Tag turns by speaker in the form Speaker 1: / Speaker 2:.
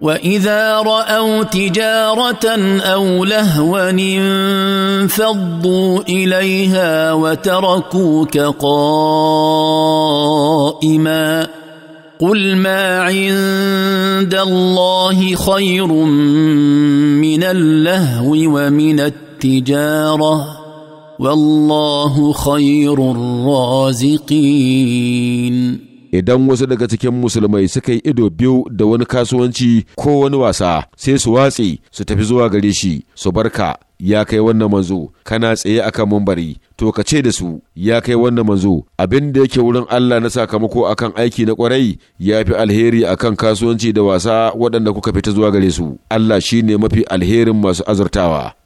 Speaker 1: واذا راوا تجاره او لهوا انفضوا اليها وتركوك قائما قل ما عند الله خير من اللهو ومن التجاره والله خير الرازقين
Speaker 2: idan wasu daga cikin musulmai suka yi ido biyu da wani kasuwanci ko wani wasa sai su watse su tafi zuwa gare shi su barka ya kai wannan manzo kana tsaye akan mambari to ka ce da su ya kai wannan manzo abin da yake wurin Allah na sakamako akan aiki na kwarai ya fi alheri akan kasuwanci da wasa waɗanda kuka fita zuwa gare su Allah shine mafi alherin masu azurtawa